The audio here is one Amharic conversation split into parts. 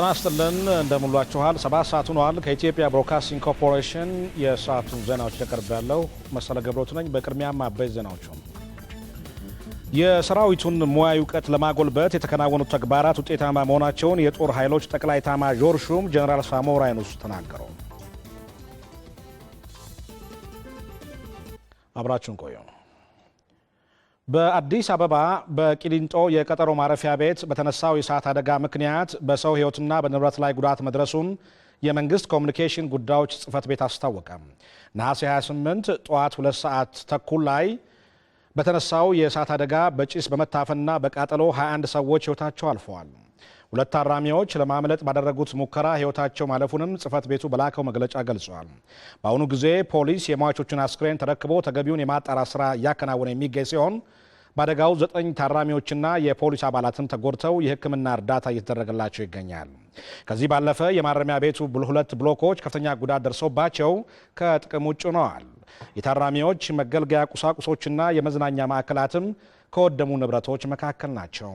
ጤና ይስጥልን እንደምንሏችኋል። ሰባት ሰዓት ሆኗል። ከኢትዮጵያ ብሮድካስቲንግ ኮርፖሬሽን የሰዓቱን ዜናዎች እያቀርብ ያለው መሰለ ገብረቱ ነኝ። በቅድሚያ አበይት ዜናዎቹ የሰራዊቱን ሙያዊ እውቀት ለማጎልበት የተከናወኑ ተግባራት ውጤታማ መሆናቸውን የጦር ኃይሎች ጠቅላይ ኤታማዦር ሹም ጀኔራል ሳሞራ የኑስ ተናገሩ። አብራችሁን ቆዩ። በአዲስ አበባ በቂሊንጦ የቀጠሮ ማረፊያ ቤት በተነሳው የእሳት አደጋ ምክንያት በሰው ሕይወትና በንብረት ላይ ጉዳት መድረሱን የመንግስት ኮሚኒኬሽን ጉዳዮች ጽህፈት ቤት አስታወቀ። ነሐሴ 28 ጠዋት 2 ሰዓት ተኩል ላይ በተነሳው የእሳት አደጋ በጭስ በመታፈንና በቃጠሎ 21 ሰዎች ሕይወታቸው አልፈዋል። ሁለት ታራሚዎች ለማምለጥ ባደረጉት ሙከራ ሕይወታቸው ማለፉንም ጽህፈት ቤቱ በላከው መግለጫ ገልጿል። በአሁኑ ጊዜ ፖሊስ የሟቾቹን አስክሬን ተረክቦ ተገቢውን የማጣራት ስራ እያከናወነ የሚገኝ ሲሆን በአደጋው ዘጠኝ ታራሚዎችና የፖሊስ አባላትም ተጎድተው የሕክምና እርዳታ እየተደረገላቸው ይገኛል። ከዚህ ባለፈ የማረሚያ ቤቱ ሁለት ብሎኮች ከፍተኛ ጉዳት ደርሶባቸው ከጥቅም ውጭ ነዋል። የታራሚዎች መገልገያ ቁሳቁሶችና የመዝናኛ ማዕከላትም ከወደሙ ንብረቶች መካከል ናቸው።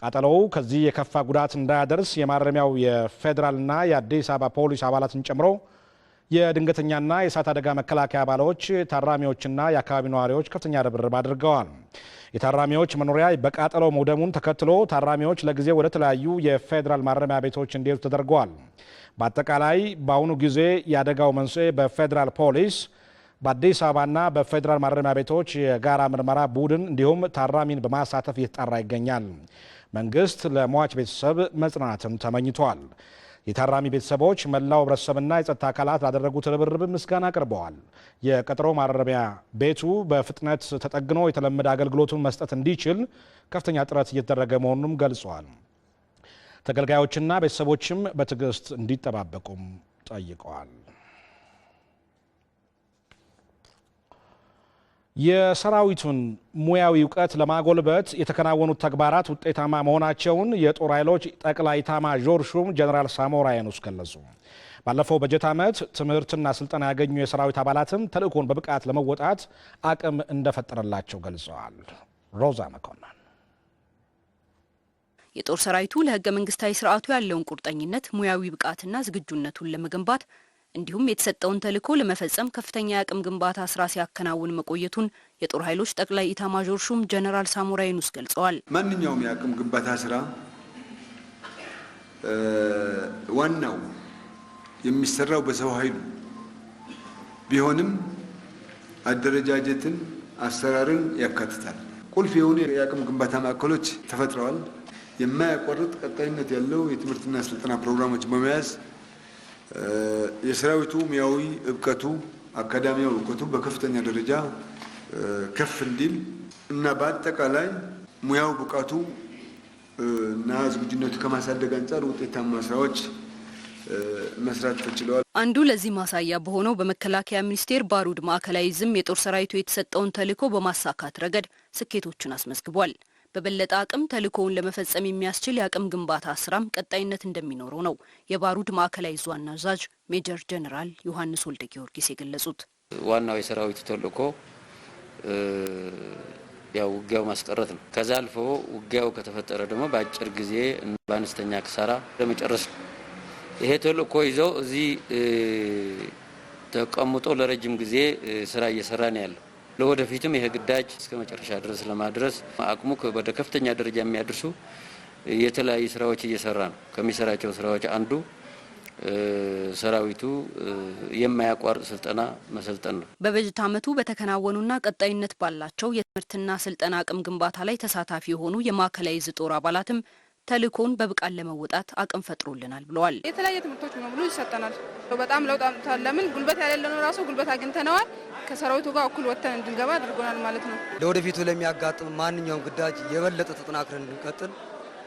ቃጠሎው ከዚህ የከፋ ጉዳት እንዳያደርስ የማረሚያው የፌዴራልና የአዲስ አበባ ፖሊስ አባላትን ጨምሮ የድንገተኛና የእሳት አደጋ መከላከያ አባሎች ታራሚዎችና የአካባቢ ነዋሪዎች ከፍተኛ ርብርብ አድርገዋል። የታራሚዎች መኖሪያ በቃጠሎ መውደሙን ተከትሎ ታራሚዎች ለጊዜ ወደ ተለያዩ የፌዴራል ማረሚያ ቤቶች እንዲሄዱ ተደርገዋል። በአጠቃላይ በአሁኑ ጊዜ የአደጋው መንስኤ በፌዴራል ፖሊስ በአዲስ አበባና በፌዴራል ማረሚያ ቤቶች የጋራ ምርመራ ቡድን እንዲሁም ታራሚን በማሳተፍ እየተጣራ ይገኛል። መንግስት ለሟች ቤተሰብ መጽናናትም ተመኝቷል። የታራሚ ቤተሰቦች፣ መላው ህብረተሰብና የጸጥታ አካላት ላደረጉት ርብርብ ምስጋና አቅርበዋል። የቀጠሮ ማረሚያ ቤቱ በፍጥነት ተጠግኖ የተለመደ አገልግሎቱን መስጠት እንዲችል ከፍተኛ ጥረት እየተደረገ መሆኑንም ገልጿል። ተገልጋዮችና ቤተሰቦችም በትዕግስት እንዲጠባበቁም ጠይቀዋል። የሰራዊቱን ሙያዊ እውቀት ለማጎልበት የተከናወኑት ተግባራት ውጤታማ መሆናቸውን የጦር ኃይሎች ጠቅላይ ኤታማዦር ሹም ጀኔራል ሳሞራ የኑስ ገለጹ። ባለፈው በጀት ዓመት ትምህርትና ስልጠና ያገኙ የሰራዊት አባላትም ተልእኮን በብቃት ለመወጣት አቅም እንደፈጠረላቸው ገልጸዋል። ሮዛ መኮንን የጦር ሰራዊቱ ለህገ መንግስታዊ ስርዓቱ ያለውን ቁርጠኝነት ሙያዊ ብቃትና ዝግጁነቱን ለመገንባት እንዲሁም የተሰጠውን ተልዕኮ ለመፈጸም ከፍተኛ የአቅም ግንባታ ስራ ሲያከናውን መቆየቱን የጦር ኃይሎች ጠቅላይ ኢታማዦር ሹም ጀነራል ሳሞራ ዩኑስ ገልጸዋል። ማንኛውም የአቅም ግንባታ ስራ ዋናው የሚሰራው በሰው ኃይሉ ቢሆንም አደረጃጀትን፣ አሰራርን ያካትታል። ቁልፍ የሆኑ የአቅም ግንባታ ማዕከሎች ተፈጥረዋል። የማያቋርጥ ቀጣይነት ያለው የትምህርትና ስልጠና ፕሮግራሞች በመያዝ የሰራዊቱ ሙያዊ እብቀቱ አካዳሚያዊ እውቀቱ በከፍተኛ ደረጃ ከፍ እንዲል እና በአጠቃላይ ሙያው ብቃቱ እና ዝግጁነቱ ከማሳደግ አንጻር ውጤታማ ስራዎች መስራት ተችለዋል። አንዱ ለዚህ ማሳያ በሆነው በመከላከያ ሚኒስቴር ባሩድ ማዕከላዊ ዝም የጦር ሰራዊቱ የተሰጠውን ተልዕኮ በማሳካት ረገድ ስኬቶቹን አስመዝግቧል። በበለጠ አቅም ተልእኮውን ለመፈጸም የሚያስችል የአቅም ግንባታ ስራም ቀጣይነት እንደሚኖረው ነው የባሩድ ማዕከላዊ ዕዝ ዋና አዛዥ ሜጀር ጀኔራል ዮሐንስ ወልደ ጊዮርጊስ የገለጹት። ዋናው የሰራዊቱ ተልእኮ ያው ውጊያው ማስቀረት ነው። ከዛ አልፎ ውጊያው ከተፈጠረ ደግሞ በአጭር ጊዜ በአነስተኛ ክሳራ ለመጨረስ ነው። ይሄ ተልእኮ ይዘው እዚህ ተቀምጦ ለረጅም ጊዜ ስራ እየሰራ ነው ያለው። ለወደፊትም ይህ ግዳጅ እስከ መጨረሻ ድረስ ለማድረስ አቅሙ ወደ ከፍተኛ ደረጃ የሚያደርሱ የተለያዩ ስራዎች እየሰራ ነው። ከሚሰራቸው ስራዎች አንዱ ሰራዊቱ የማያቋርጥ ስልጠና መሰልጠን ነው። በበጀት ዓመቱ በተከናወኑና ቀጣይነት ባላቸው የትምህርትና ስልጠና አቅም ግንባታ ላይ ተሳታፊ የሆኑ የማዕከላዊ ዕዝ ጦር አባላትም ተልእኮውን በብቃት ለመወጣት አቅም ፈጥሮልናል ብለዋል። የተለያየ ትምህርቶች ሙሉ ይሰጠናል። በጣም ለውጥ አምጥቷል። ለምን ጉልበት ያሌለነው ራሱ ጉልበት አግኝተነዋል። ከሰራዊቱ ጋር እኩል ወጥተን እንድንገባ አድርጎናል ማለት ነው። ለወደፊቱ ለሚያጋጥም ማንኛውም ግዳጅ የበለጠ ተጠናክረን እንድንቀጥል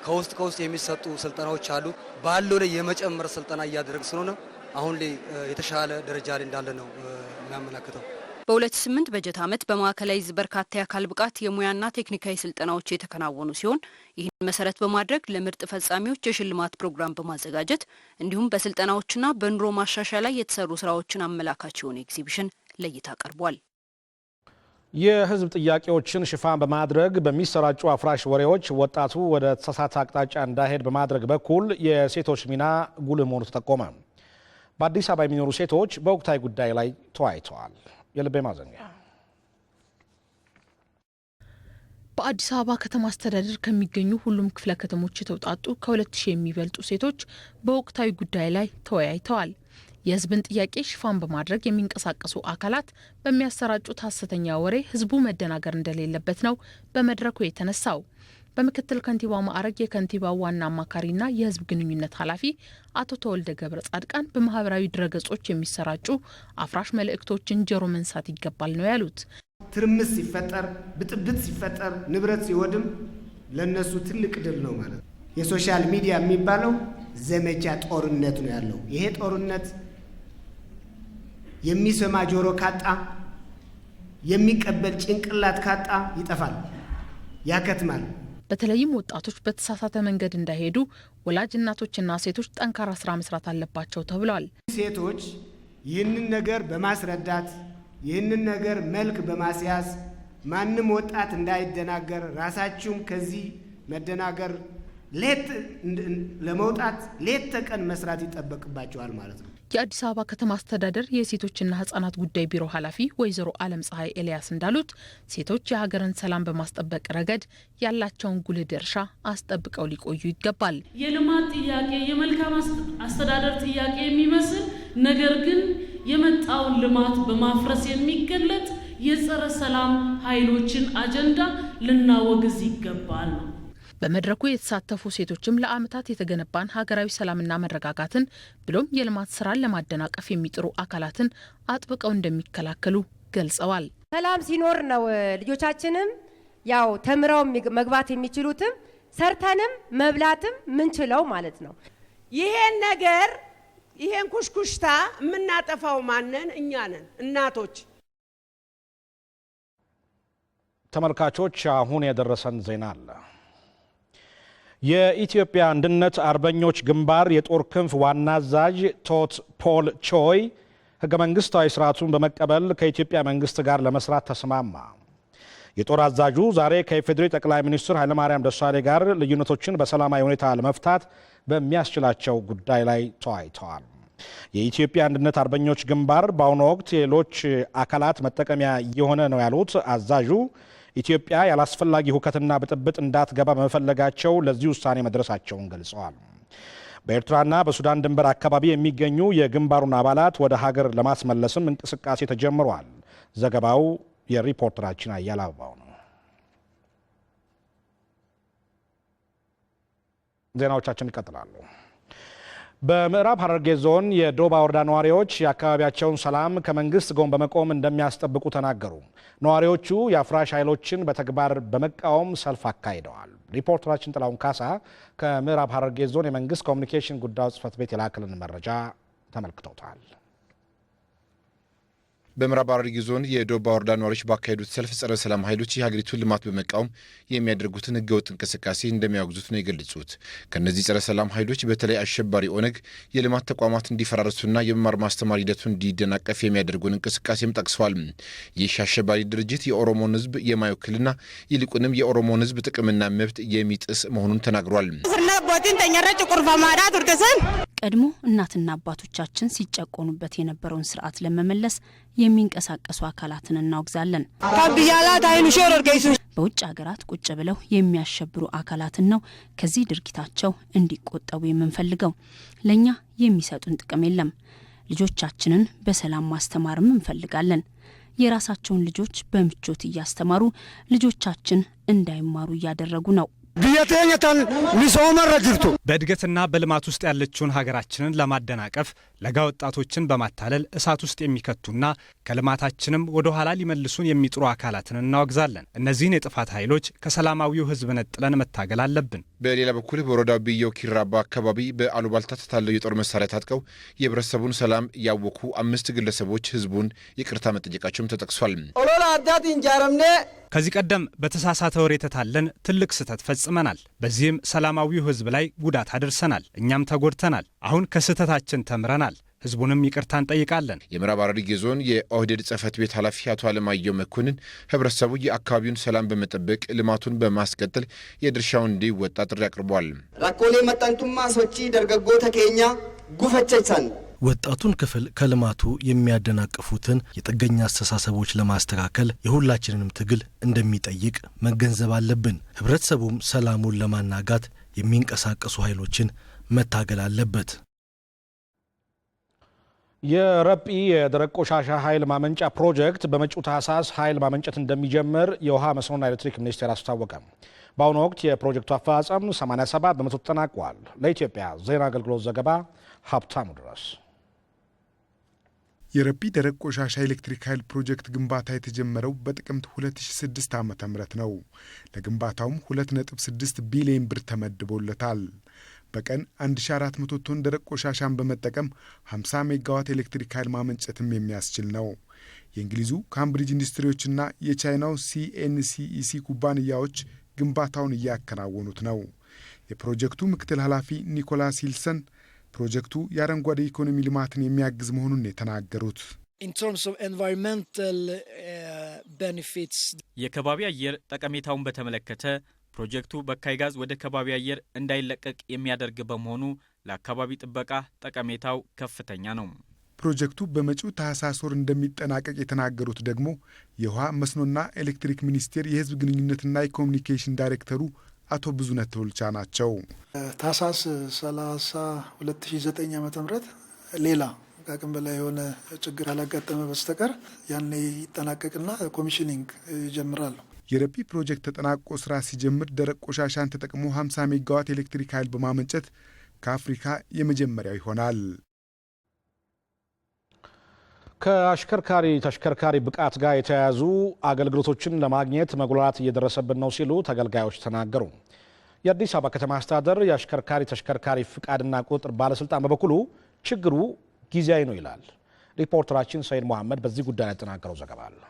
ከውስጥ ከውስጥ የሚሰጡ ስልጠናዎች አሉ። ባለው ላይ የመጨመር ስልጠና እያደረግ ስለሆነ አሁን ላይ የተሻለ ደረጃ ላይ እንዳለ ነው የሚያመላክተው። በ2008 በጀት ዓመት በማዕከላዊ ዕዝ በርካታ የአካል ብቃት የሙያና ቴክኒካዊ ስልጠናዎች የተከናወኑ ሲሆን መሰረት በማድረግ ለምርጥ ፈጻሚዎች የሽልማት ፕሮግራም በማዘጋጀት እንዲሁም በስልጠናዎችና በኑሮ ማሻሻያ ላይ የተሰሩ ስራዎችን አመላካች የሆነ ኤግዚቢሽን ለእይታ ቀርቧል። የህዝብ ጥያቄዎችን ሽፋን በማድረግ በሚሰራጩ አፍራሽ ወሬዎች ወጣቱ ወደ ተሳሳተ አቅጣጫ እንዳይሄድ በማድረግ በኩል የሴቶች ሚና ጉልህ መሆኑ ተጠቆመ። በአዲስ አበባ የሚኖሩ ሴቶች በወቅታዊ ጉዳይ ላይ ተወያይተዋል። የልቤ ማዘኛ በአዲስ አበባ ከተማ አስተዳደር ከሚገኙ ሁሉም ክፍለ ከተሞች የተውጣጡ ከሁለት ሺህ የሚበልጡ ሴቶች በወቅታዊ ጉዳይ ላይ ተወያይተዋል። የህዝብን ጥያቄ ሽፋን በማድረግ የሚንቀሳቀሱ አካላት በሚያሰራጩት ሀሰተኛ ወሬ ሕዝቡ መደናገር እንደሌለበት ነው በመድረኩ የተነሳው። በምክትል ከንቲባ ማዕረግ የከንቲባው ዋና አማካሪና የህዝብ ግንኙነት ኃላፊ አቶ ተወልደ ገብረ ጻድቃን በማህበራዊ ድረገጾች የሚሰራጩ አፍራሽ መልእክቶችን ጆሮ መንሳት ይገባል ነው ያሉት። ትርምስ ሲፈጠር፣ ብጥብጥ ሲፈጠር፣ ንብረት ሲወድም ለእነሱ ትልቅ ድል ነው ማለት ነው። የሶሻል ሚዲያ የሚባለው ዘመቻ ጦርነት ነው ያለው። ይሄ ጦርነት የሚሰማ ጆሮ ካጣ፣ የሚቀበል ጭንቅላት ካጣ ይጠፋል፣ ያከትማል። በተለይም ወጣቶች በተሳሳተ መንገድ እንዳይሄዱ ወላጅ እናቶችና ሴቶች ጠንካራ ስራ መስራት አለባቸው ተብለዋል። ሴቶች ይህንን ነገር በማስረዳት ይህንን ነገር መልክ በማስያዝ ማንም ወጣት እንዳይደናገር ራሳችሁም ከዚህ መደናገር ለመውጣት ሌት ተቀን መስራት ይጠበቅባቸዋል ማለት ነው። የአዲስ አበባ ከተማ አስተዳደር የሴቶችና ህጻናት ጉዳይ ቢሮ ኃላፊ ወይዘሮ አለም ፀሐይ ኤልያስ እንዳሉት ሴቶች የሀገርን ሰላም በማስጠበቅ ረገድ ያላቸውን ጉልህ ድርሻ አስጠብቀው ሊቆዩ ይገባል። የልማት ጥያቄ የመልካም አስተዳደር ጥያቄ የሚመስል ነገር ግን የመጣውን ልማት በማፍረስ የሚገለጥ የጸረ ሰላም ኃይሎችን አጀንዳ ልናወግዝ ይገባል ነው። በመድረኩ የተሳተፉ ሴቶችም ለዓመታት የተገነባን ሀገራዊ ሰላምና መረጋጋትን ብሎም የልማት ስራን ለማደናቀፍ የሚጥሩ አካላትን አጥብቀው እንደሚከላከሉ ገልጸዋል። ሰላም ሲኖር ነው ልጆቻችንም ያው ተምረው መግባት የሚችሉትም ሰርተንም መብላትም ምንችለው ማለት ነው። ይሄን ነገር ይሄን ኩሽኩሽታ የምናጠፋው ማንን? እኛ ነን እናቶች። ተመልካቾች አሁን የደረሰን ዜና አለ። የኢትዮጵያ አንድነት አርበኞች ግንባር የጦር ክንፍ ዋና አዛዥ ቶት ፖል ቾይ ህገ መንግስታዊ ስርዓቱን በመቀበል ከኢትዮጵያ መንግስት ጋር ለመስራት ተስማማ። የጦር አዛዡ ዛሬ ከኢፌዴሪ ጠቅላይ ሚኒስትር ኃይለማርያም ደሳሌ ጋር ልዩነቶችን በሰላማዊ ሁኔታ ለመፍታት በሚያስችላቸው ጉዳይ ላይ ተወያይተዋል። የኢትዮጵያ አንድነት አርበኞች ግንባር በአሁኑ ወቅት የሌሎች አካላት መጠቀሚያ እየሆነ ነው ያሉት አዛዡ ኢትዮጵያ ያላስፈላጊ ሁከትና ብጥብጥ እንዳትገባ በመፈለጋቸው ለዚህ ውሳኔ መድረሳቸውን ገልጸዋል። በኤርትራና በሱዳን ድንበር አካባቢ የሚገኙ የግንባሩን አባላት ወደ ሀገር ለማስመለስም እንቅስቃሴ ተጀምሯል። ዘገባው የሪፖርተራችን አያል አበባው ነው። ዜናዎቻችን ይቀጥላሉ። በምዕራብ ሐረርጌ ዞን የዶባ ወረዳ ነዋሪዎች የአካባቢያቸውን ሰላም ከመንግስት ጎን በመቆም እንደሚያስጠብቁ ተናገሩ። ነዋሪዎቹ የአፍራሽ ኃይሎችን በተግባር በመቃወም ሰልፍ አካሂደዋል። ሪፖርተራችን ጥላውን ካሳ ከምዕራብ ሐረርጌ ዞን የመንግስት ኮሚኒኬሽን ጉዳዮች ጽሕፈት ቤት የላክልን መረጃ ተመልክተውታል። በምዕራብ ሐረርጌ ዞን የዶባ ወረዳ ነዋሪዎች ባካሄዱት ሰልፍ ጸረ ሰላም ኃይሎች የሀገሪቱን ልማት በመቃወም የሚያደርጉትን ህገወጥ እንቅስቃሴ እንደሚያወግዙት ነው የገለጹት። ከእነዚህ ጸረ ሰላም ኃይሎች በተለይ አሸባሪ ኦነግ የልማት ተቋማት እንዲፈራርሱና የመማር ማስተማር ሂደቱ እንዲደናቀፍ የሚያደርጉን እንቅስቃሴም ጠቅሰዋል። ይህ አሸባሪ ድርጅት የኦሮሞን ህዝብ የማይወክልና ይልቁንም የኦሮሞን ህዝብ ጥቅምና መብት የሚጥስ መሆኑን ተናግሯል። ቀድሞ እናትና አባቶቻችን ሲጨቆኑበት የነበረውን ስርዓት ለመመለስ የሚንቀሳቀሱ አካላትን እናወግዛለን። በውጭ ሀገራት ቁጭ ብለው የሚያሸብሩ አካላትን ነው ከዚህ ድርጊታቸው እንዲቆጠቡ የምንፈልገው። ለእኛ የሚሰጡን ጥቅም የለም። ልጆቻችንን በሰላም ማስተማርም እንፈልጋለን። የራሳቸውን ልጆች በምቾት እያስተማሩ ልጆቻችን እንዳይማሩ እያደረጉ ነው። ብየተኝተን ሚሶመረ ጅርቱ በእድገትና በልማት ውስጥ ያለችውን ሀገራችንን ለማደናቀፍ ለጋ ወጣቶችን በማታለል እሳት ውስጥ የሚከቱና ከልማታችንም ወደ ኋላ ሊመልሱን የሚጥሩ አካላትን እናወግዛለን። እነዚህን የጥፋት ኃይሎች ከሰላማዊው ህዝብ ነጥለን መታገል አለብን። በሌላ በኩል በወረዳ ብየው ኪራባ አካባቢ በአሉባልታ ተታለው የጦር መሳሪያ ታጥቀው የህብረተሰቡን ሰላም ያወኩ አምስት ግለሰቦች ህዝቡን ይቅርታ መጠየቃቸውም ተጠቅሷል። ኦሎላ አዳት እንጃረምኔ ከዚህ ቀደም በተሳሳተ ወሬ ተታለን ትልቅ ስህተት ፈጽመናል። በዚህም ሰላማዊው ህዝብ ላይ ጉዳት አድርሰናል። እኛም ተጎድተናል። አሁን ከስህተታችን ተምረናል። ህዝቡንም ይቅርታ እንጠይቃለን። የምዕራብ ሐረርጌ ዞን የኦህዴድ ጽህፈት ቤት ኃላፊ አቶ አለማየሁ መኮንን ህብረተሰቡ የአካባቢውን ሰላም በመጠበቅ ልማቱን በማስቀጠል የድርሻውን እንዲወጣ ጥሪ አቅርቧል። ራኮሌ መጠንቱማ ሶቺ ደርገጎ ተኬኛ ጉፈቸቻን ወጣቱን ክፍል ከልማቱ የሚያደናቅፉትን የጥገኛ አስተሳሰቦች ለማስተካከል የሁላችንንም ትግል እንደሚጠይቅ መገንዘብ አለብን። ህብረተሰቡም ሰላሙን ለማናጋት የሚንቀሳቀሱ ኃይሎችን መታገል አለበት። የረጲ የደረቅ ቆሻሻ ኃይል ማመንጫ ፕሮጀክት በመጪው ታህሳስ ኃይል ማመንጨት እንደሚጀምር የውሃ መስኖና ኤሌክትሪክ ሚኒስቴር አስታወቀ። በአሁኑ ወቅት የፕሮጀክቱ አፈጻጸም 87 በመቶ ተጠናቋል። ለኢትዮጵያ ዜና አገልግሎት ዘገባ ሀብታሙ ድረስ። የረጲ ደረቅ ቆሻሻ ኤሌክትሪክ ኃይል ፕሮጀክት ግንባታ የተጀመረው በጥቅምት 2006 ዓ ም ነው። ለግንባታውም 2.6 ቢሊዮን ብር ተመድቦለታል። በቀን 1400 ቶን ደረቅ ቆሻሻን በመጠቀም 50 ሜጋዋት ኤሌክትሪክ ኃይል ማመንጨትም የሚያስችል ነው። የእንግሊዙ ካምብሪጅ ኢንዱስትሪዎችና የቻይናው ሲኤንሲኢሲ ኩባንያዎች ግንባታውን እያከናወኑት ነው። የፕሮጀክቱ ምክትል ኃላፊ ኒኮላስ ሂልሰን ፕሮጀክቱ የአረንጓዴ ኢኮኖሚ ልማትን የሚያግዝ መሆኑን የተናገሩት uh, የከባቢ አየር ጠቀሜታውን በተመለከተ ፕሮጀክቱ በካይ ጋዝ ወደ ከባቢ አየር እንዳይለቀቅ የሚያደርግ በመሆኑ ለአካባቢ ጥበቃ ጠቀሜታው ከፍተኛ ነው። ፕሮጀክቱ በመጪው ታህሳስ ወር እንደሚጠናቀቅ የተናገሩት ደግሞ የውሃ መስኖና ኤሌክትሪክ ሚኒስቴር የህዝብ ግንኙነትና የኮሚኒኬሽን ዳይሬክተሩ አቶ ብዙነት ቶልቻ ናቸው። ታህሳስ 30 2009 ዓ ም ሌላ ከአቅም በላይ የሆነ ችግር አላጋጠመ በስተቀር ያኔ ይጠናቀቅና ኮሚሽኒንግ ይጀምራል። የረፒ ፕሮጀክት ተጠናቆ ስራ ሲጀምር ደረቅ ቆሻሻን ተጠቅሞ 50 ሜጋዋት ኤሌክትሪክ ኃይል በማመንጨት ከአፍሪካ የመጀመሪያው ይሆናል። ከአሽከርካሪ ተሽከርካሪ ብቃት ጋር የተያያዙ አገልግሎቶችን ለማግኘት መጉላላት እየደረሰብን ነው ሲሉ ተገልጋዮች ተናገሩ። የአዲስ አበባ ከተማ አስተዳደር የአሽከርካሪ ተሽከርካሪ ፍቃድና ቁጥጥር ባለስልጣን በበኩሉ ችግሩ ጊዜያዊ ነው ይላል። ሪፖርተራችን ሰይድ መሐመድ በዚህ ጉዳይ ያጠናቀረው ዘገባ አለ።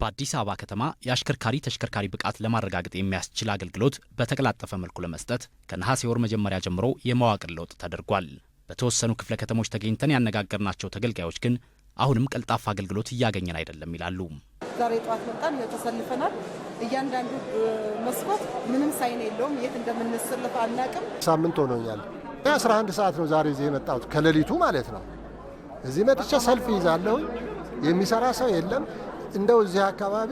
በአዲስ አበባ ከተማ የአሽከርካሪ ተሽከርካሪ ብቃት ለማረጋገጥ የሚያስችል አገልግሎት በተቀላጠፈ መልኩ ለመስጠት ከነሐሴ ወር መጀመሪያ ጀምሮ የመዋቅር ለውጥ ተደርጓል። በተወሰኑ ክፍለ ከተሞች ተገኝተን ያነጋገርናቸው ተገልጋዮች ግን አሁንም ቀልጣፋ አገልግሎት እያገኘን አይደለም ይላሉ። ዛሬ ጠዋት መጣን፣ ተሰልፈናል። እያንዳንዱ መስኮት ምንም ሳይን የለውም። የት እንደምንሰልፍ አናቅም። ሳምንት ሆኖኛል። 11 ሰዓት ነው ዛሬ እዚህ የመጣሁት ከሌሊቱ ማለት ነው። እዚህ መጥቼ ሰልፍ ይዛለሁ። የሚሰራ ሰው የለም። እንደው እዚህ አካባቢ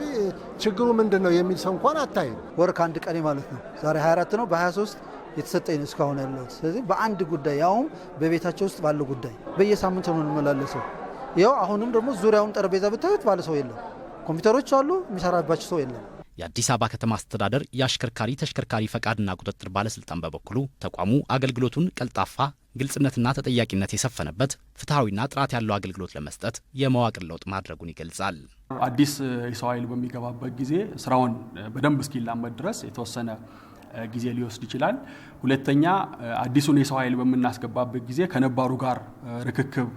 ችግሩ ምንድን ነው የሚል ሰው እንኳን አታይም። ወር ከአንድ ቀኔ ማለት ነው። ዛሬ 24 ነው፣ በ23 የተሰጠኝ እስካሁን ያለሁት። ስለዚህ በአንድ ጉዳይ ያውም በቤታቸው ውስጥ ባለው ጉዳይ በየሳምንት ነው እንመላለሰው። ያው አሁንም ደግሞ ዙሪያውን ጠረጴዛ ብታዩት ባለ ሰው የለም። ኮምፒውተሮች አሉ፣ የሚሰራባቸው ሰው የለም። የአዲስ አበባ ከተማ አስተዳደር የአሽከርካሪ ተሽከርካሪ ፈቃድና ቁጥጥር ባለስልጣን በበኩሉ ተቋሙ አገልግሎቱን ቀልጣፋ፣ ግልጽነትና ተጠያቂነት የሰፈነበት ፍትሐዊና ጥራት ያለው አገልግሎት ለመስጠት የመዋቅር ለውጥ ማድረጉን ይገልጻል። አዲስ የሰው ኃይል በሚገባበት ጊዜ ስራውን በደንብ እስኪላመድ ድረስ የተወሰነ ጊዜ ሊወስድ ይችላል። ሁለተኛ አዲሱን የሰው ኃይል በምናስገባበት ጊዜ ከነባሩ ጋር ርክክብ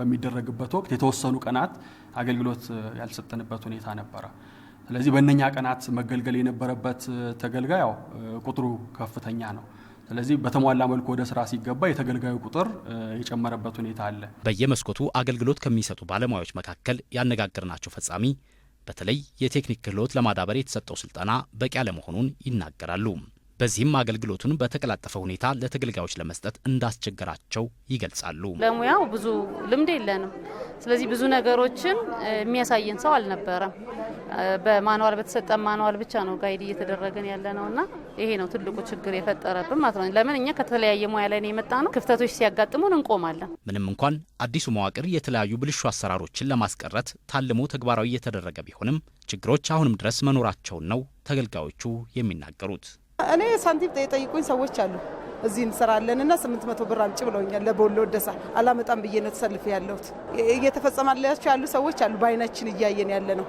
በሚደረግበት ወቅት የተወሰኑ ቀናት አገልግሎት ያልሰጠንበት ሁኔታ ነበረ። ስለዚህ በእነኛ ቀናት መገልገል የነበረበት ተገልጋይ ያው ቁጥሩ ከፍተኛ ነው። ስለዚህ በተሟላ መልኩ ወደ ስራ ሲገባ የተገልጋዩ ቁጥር የጨመረበት ሁኔታ አለ። በየመስኮቱ አገልግሎት ከሚሰጡ ባለሙያዎች መካከል ያነጋገርናቸው ፈጻሚ በተለይ የቴክኒክ ክህሎት ለማዳበር የተሰጠው ስልጠና በቂ አለመሆኑን ይናገራሉ። በዚህም አገልግሎቱን በተቀላጠፈ ሁኔታ ለተገልጋዮች ለመስጠት እንዳስቸገራቸው ይገልጻሉ። ለሙያው ብዙ ልምድ የለንም። ስለዚህ ብዙ ነገሮችን የሚያሳየን ሰው አልነበረም። በማንዋል በተሰጠ ማንዋል ብቻ ነው ጋይድ እየተደረገን ያለ ነው እና ይሄ ነው ትልቁ ችግር የፈጠረብን ማለት ነው። ለምን እኛ ከተለያየ ሙያ ላይ ነው የመጣ ነው። ክፍተቶች ሲያጋጥሙን እንቆማለን። ምንም እንኳን አዲሱ መዋቅር የተለያዩ ብልሹ አሰራሮችን ለማስቀረት ታልሞ ተግባራዊ እየተደረገ ቢሆንም ችግሮች አሁንም ድረስ መኖራቸውን ነው ተገልጋዮቹ የሚናገሩት። እኔ ሳንቲም የጠይቁኝ ሰዎች አሉ። እዚህ እንሰራለን እና ስምንት መቶ ብር አምጪ ብለውኛል። ለበሎ ወደሳ አላመጣም ብዬ ነው ተሰልፌ ያለሁት። እየተፈጸማላቸው ያሉ ሰዎች አሉ። በአይናችን እያየን ያለ ነው።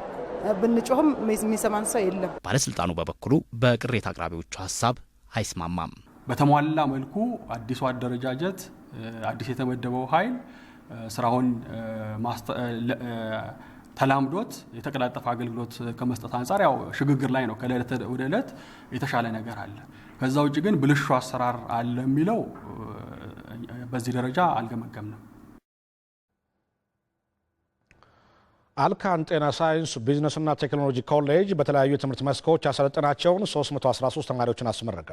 ብንጮህም የሚሰማን ሰው የለም። ባለስልጣኑ በበኩሉ በቅሬታ አቅራቢዎቹ ሀሳብ አይስማማም። በተሟላ መልኩ አዲሱ አደረጃጀት አዲስ የተመደበው ኃይል ስራውን ተላምዶት የተቀላጠፈ አገልግሎት ከመስጠት አንጻር ያው ሽግግር ላይ ነው። ከዕለት ወደ ዕለት የተሻለ ነገር አለ። ከዛ ውጭ ግን ብልሹ አሰራር አለ የሚለው በዚህ ደረጃ አልገመገምንም። አልካን ጤና ሳይንስ ቢዝነስና ቴክኖሎጂ ኮሌጅ በተለያዩ የትምህርት መስኮች ያሰለጠናቸውን 313 ተማሪዎችን አስመረቀ።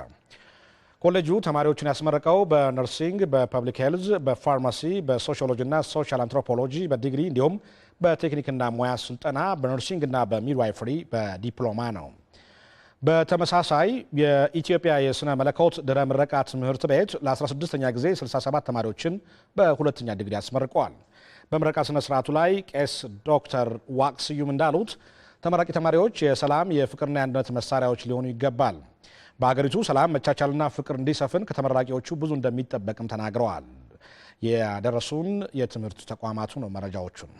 ኮሌጁ ተማሪዎችን ያስመረቀው በነርሲንግ፣ በፐብሊክ ሄልዝ፣ በፋርማሲ፣ በሶሺዮሎጂና ሶሻል አንትሮፖሎጂ በዲግሪ እንዲሁም በቴክኒክና ሙያ ስልጠና፣ በነርሲንግና በሚድዋይፈሪ በዲፕሎማ ነው። በተመሳሳይ የኢትዮጵያ የሥነ መለኮት ድረ ምረቃ ትምህርት ቤት ለ16ኛ ጊዜ 67 ተማሪዎችን በሁለተኛ ዲግሪ አስመርቀዋል። በምረቃ ሥነ ሥርዓቱ ላይ ቄስ ዶክተር ዋቅስዩም እንዳሉት ተመራቂ ተማሪዎች የሰላም የፍቅርና የአንድነት መሳሪያዎች ሊሆኑ ይገባል። በሀገሪቱ ሰላም መቻቻልና ፍቅር እንዲሰፍን ከተመራቂዎቹ ብዙ እንደሚጠበቅም ተናግረዋል። የደረሱን የትምህርት ተቋማቱ ነው መረጃዎቹን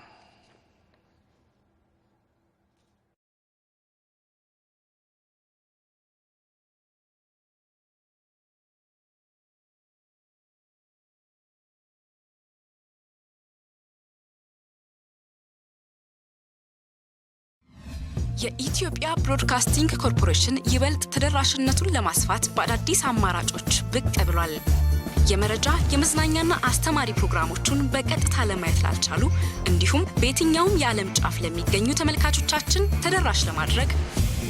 የኢትዮጵያ ብሮድካስቲንግ ኮርፖሬሽን ይበልጥ ተደራሽነቱን ለማስፋት በአዳዲስ አማራጮች ብቅ ብሏል። የመረጃ የመዝናኛና አስተማሪ ፕሮግራሞቹን በቀጥታ ለማየት ላልቻሉ እንዲሁም በየትኛውም የዓለም ጫፍ ለሚገኙ ተመልካቾቻችን ተደራሽ ለማድረግ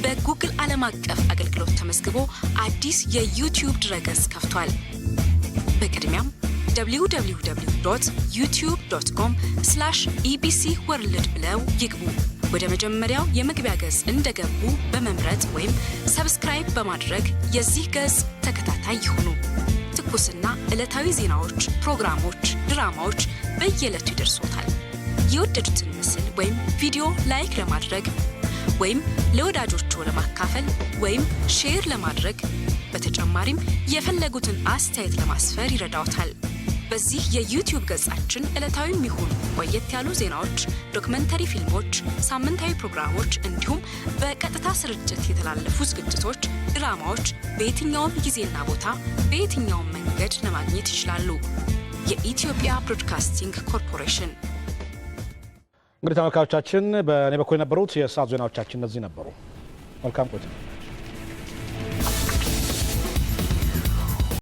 በጉግል ዓለም አቀፍ አገልግሎት ተመዝግቦ አዲስ የዩቲዩብ ድረገጽ ከፍቷል። በቅድሚያም www ዩቲዩብ ኮም ኢቢሲ ወርልድ ብለው ይግቡ። ወደ መጀመሪያው የመግቢያ ገጽ እንደገቡ በመምረጥ ወይም ሰብስክራይብ በማድረግ የዚህ ገጽ ተከታታይ ይሁኑ። ትኩስና ዕለታዊ ዜናዎች፣ ፕሮግራሞች፣ ድራማዎች በየዕለቱ ይደርሶታል። የወደዱትን ምስል ወይም ቪዲዮ ላይክ ለማድረግ ወይም ለወዳጆቹ ለማካፈል ወይም ሼር ለማድረግ በተጨማሪም የፈለጉትን አስተያየት ለማስፈር ይረዳውታል። በዚህ የዩቲዩብ ገጻችን ዕለታዊ የሚሆኑ ቆየት ያሉ ዜናዎች፣ ዶክመንተሪ ፊልሞች፣ ሳምንታዊ ፕሮግራሞች እንዲሁም በቀጥታ ስርጭት የተላለፉ ዝግጅቶች፣ ድራማዎች በየትኛውም ጊዜና ቦታ በየትኛውም መንገድ ለማግኘት ይችላሉ። የኢትዮጵያ ብሮድካስቲንግ ኮርፖሬሽን። እንግዲህ ተመልካቾቻችን፣ በእኔ በኩል የነበሩት የሰዓት ዜናዎቻችን እነዚህ ነበሩ። መልካም ቆይታ።